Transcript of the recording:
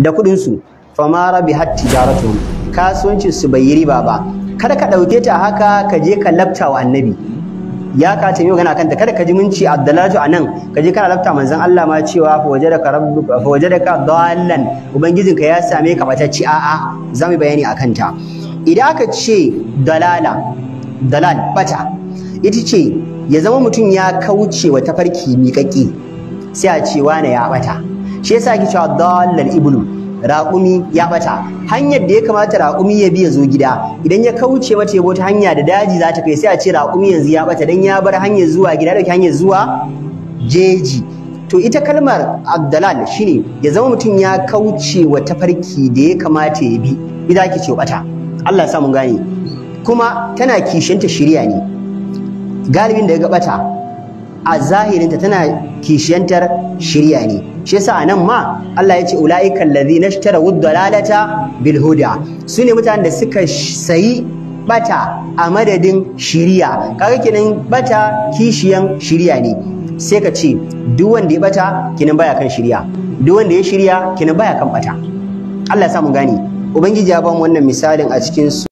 da kuɗin su bi rabihat tijaratuhum kasuwancin su bai yi riba ba kada ka ɗauke ta haka ka je ka lafta wa annabi ya ka ta yi magana kanta kada ka ji munci abdallatu a nan ka je kana lafta manzon Allah ma cewa fa wajadaka rabbuka fa wajadaka dallan ubangijinka ya same ka batacci a'a mu bayani akan ta idan aka ce dalala dalal bata ita ce ya zama mutum ya kauce wa tafarki miƙaƙƙi, sai a ce wane ya bata shi yasa ake cewa dalal iblu raƙumi ya bata hanyar da ya kamata raƙumi ya bi ya zo gida idan ya kauce mata ya ta hanya da daji za ta kai sai a ce raƙumi yanzu ya bata dan ya bar hanyar zuwa gida da hanyar zuwa jeji to ita kalmar abdalal shine ya zama mutum ya kauce wa tafarki da ya kamata ya bi idan ake ce bata Allah ya sa mun gane kuma tana kishinta shirya ne galibin da ya gabata a zahirinta tana kishiyantar shirya ne shi yasa nan ma Allah ya ce ulaika na ishtaraw ad-dalalata bil huda su ne mutanen da suka sayi bata a madadin shirya. kaga kenan bata kishiyan shirya ne sai ka ce duk wanda ya bata kenan baya kan shirya, duk wanda ya shirya kenan baya kan bata Allah ya sa mu gane ubangiji ya ba mu wannan misalin a cikin